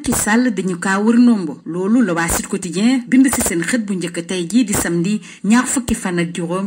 Macky Sall dañu kaa wër nombo loolu la waa Sud Quotidien bind ci seen xët bu njëkk tey jii fukki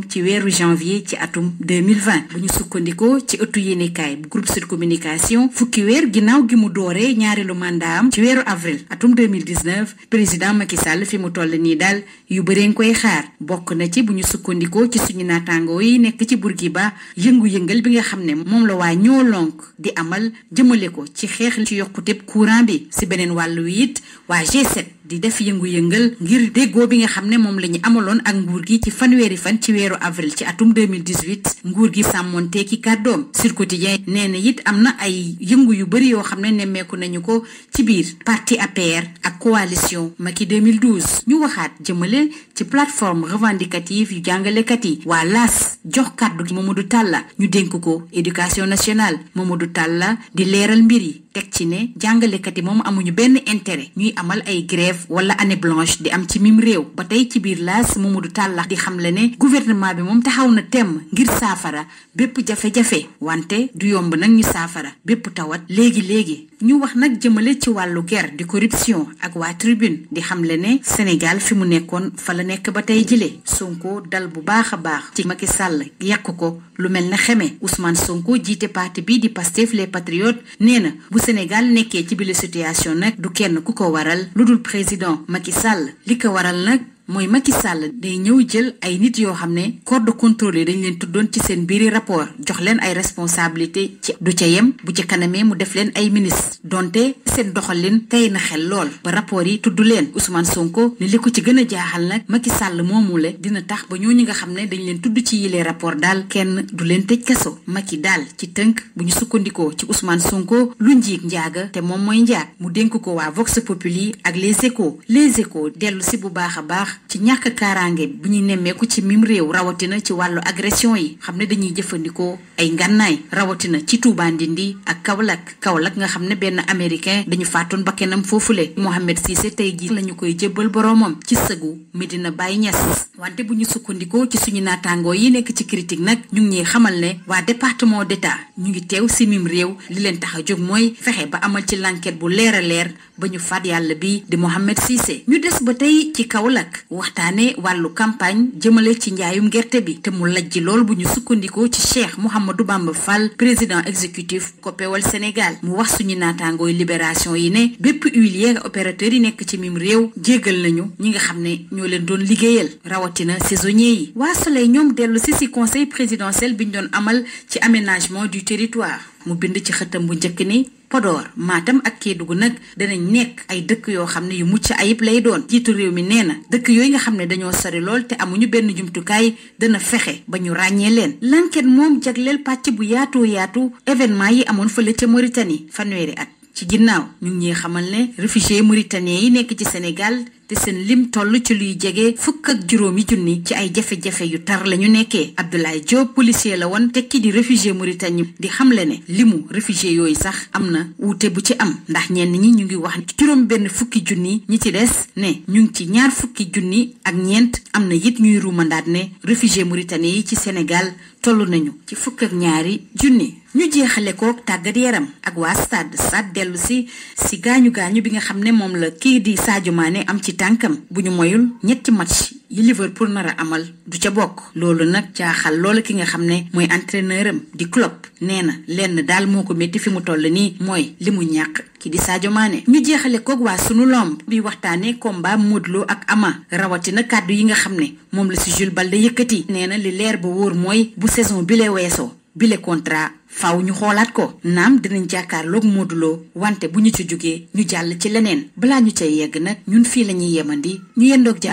ci weeru janvier ci atum 2020 bu ñu ci ëttu yéenekaay bu groupe Sud Communication fukki weer ginnaaw gi mu dooree ñaareelu mandat am ci weeru avril atum 2019 président Macky Sall fi mu toll nii daal yu bëree nga koy xaar bokk na ci bu ñu sukkandikoo ci suñu naataangoo yi nekk ci Bourguiba yëngu-yëngal bi nga xam ne moom la waa ñoo lonk di amal jëmale ko ci xeex ci yokkuteb courant bi si beneen weneen wàll wi it waa G7 di def yëngu-yëngal ngir déggoo bi nga xam ne moom la ñu amaloon ak nguur gi ci fanweeri fan ci weeru avril ci atum 2018 nguur gi sàmmoonte ki kàddoom sur quotidien nee na it am na ay yëngu yu bëri yoo xam ne nemmeeku nañu ko ci biir parti APR ak coalition Macky 2012 ñu waxaat jëmmale ci plateforme revendicative yu jàngalekat yi waa LAS jox kàddu Mamadou Talla ñu dénk ko éducation nationale Mamadou Talla di leeral mbir yi teg ci ne jàngalekat yi moom amuñu benn intérêt ñuy amal ay grève wala année blanche di am ci mim réew ba tey ci biir laas du tàllax di xamle ne gouvernement bi moom taxaw na temm ngir saafara bépp jafe-jafe wante du yomb nag ñu saafara bépp tawat léegi-léegi ñu wax nag jëmale ci wàllu guerre di corruption ak waa tribune di xamle ne Sénégal fi mu nekkoon fa la nekk ba tey jile Sonko dal bu baax a baax ci Macky Sall yàq ko lu mel na xeme Ousmane Sonko jiite parti bi di Pastef les patriotes nee na Sénégal nekkee ci bile situation nag du kenn ku ko waral lu dul président Macky sàll li ko waral nag mooy Macky Sall day ñëw jël ay nit yoo xam ne corps de contrôle yi dañ leen tuddoon ci seen biiri rapport jox leen ay responsabilité ci du ca yem bu ci kanamee mu def leen ay ministre donte seen doxalin tey na xel lool ba rapport yi tudd leen Ousmane Sonko ne li ko ci gën a jaaxal nag Macky Sall moomu la dina tax ba ñooñu nga xam ne dañ leen tudd ci yilee rapport daal kenn du leen tëj kaso yi daal ci tënk bu ñu sukkandikoo ci Ousmane Sonko lu njiig njaaga te moom mooy njaag mu dénk ko waa Vox Populi ak les échos les échos dellu si bu baax a baax ci ñàkk kaaraange bi ñu nemmeeku ci mim réew rawatina ci wàllu agression yi xam ne dañuy jëfandikoo ay ngànnaay rawatina ci Touba Ndindi ak Kaolack Kaolack nga xam ne benn américain dañu faatoon bakkenam foofule Mohamed Cissé tey jii lañu koy jébbal boroomam ci sëgu Medina bàyyi Niass wante bu ñu sukkandikoo ci suñu naataangoo yi nekk ci critique nag ñu ngi ñuy xamal ne waa département d'état ñu ngi teew si mim réew li leen tax a jóg mooy fexe ba amal ci l'enquête bu leer a leer ba ñu faat yàlla bi di Mohamed Cissé ñu des ba tey ci Kaolack waxtaane wàllu campagne jëmale ci njaayum gerte bi te mu lajji lool bu ñu sukkandikoo ci Cheikh Mouhamadou Bamba Fall président exécutif COPEOL Sénégal mu wax suñu naataangooy libération yi ne bépp huilier opérateur yi nekk ci mim réew jéggal nañu ñi nga xam ne ñoo leen doon liggéeyal rawatina saisonniers yi waa Soleil ñoom dellu si si conseil présidentiel bi ñu doon amal ci aménagement du territoire mu bind ci xëtam bu njëkk ni Podor maatam ak Kédougou nag danañ nekk ay dëkk yoo xam ne yu mucc ayib lay doon jiitu réew mi nee na dëkk yooyu nga xam ne dañoo sori lool te amuñu benn jumtukaay dana fexe ba ñu ràññee leen l'enquête moom jagleel pàcc bu yaatoo yaatu événement yi amoon fële ca Mauritanie fanweeri at ci ginnaaw ñu ngi xamal ne réfugiés mauritaniens yi nekk ci Sénégal te seen lim toll ci luy jege fukk ak juróom juróomi junni ci ay jafe-jafe yu tar la ñu nekkee Abdoulaye Diop policier la woon tekki di réfugié Mauritanie di xamle ne limu réfugié yooyu sax am na wuute bu ci am ndax ñenn ñi ñu ngi wax juróom benn fukki junni ñi ci des ne ñu ngi ci ñaar fukki junni ak ñeent am na it ñuy ruumandaat ne réfugié Mauritanie yi ci Sénégal toll nañu ci fukk ak ñaari junni ñu jeexale ko tàggat yaram ak waa stade stade dellu si si gaañu bi nga xam ne moom la kii di Sadio Mané am ci ci tànkam bu ñu moyul ñetti match yi Liverpool nar a amal du ca bokk loolu nag jaaxal loolu ki nga xam ne mooy entraîneur am di Klopp nee na lenn daal moo ko métti fi mu toll nii mooy li mu ñàkk ki di Sadio Mané ñu jeexale koog waa sunu lomb bi waxtaanee combat Modou Lo ak Ama rawatina kàddu yi nga xam ne moom la si Jules Balde yëkkati nee na li leer ba wóor mooy bu saison bi lee weesoo bile contrat faw ñu xoolaat ko naam dinañ jàkkaarloog Modou Lo wante bu ñu ci jógee ñu jàll ci leneen balaa ñu cay yegg nag ñun fii la ñuy yemandi ñu yendoog jàmm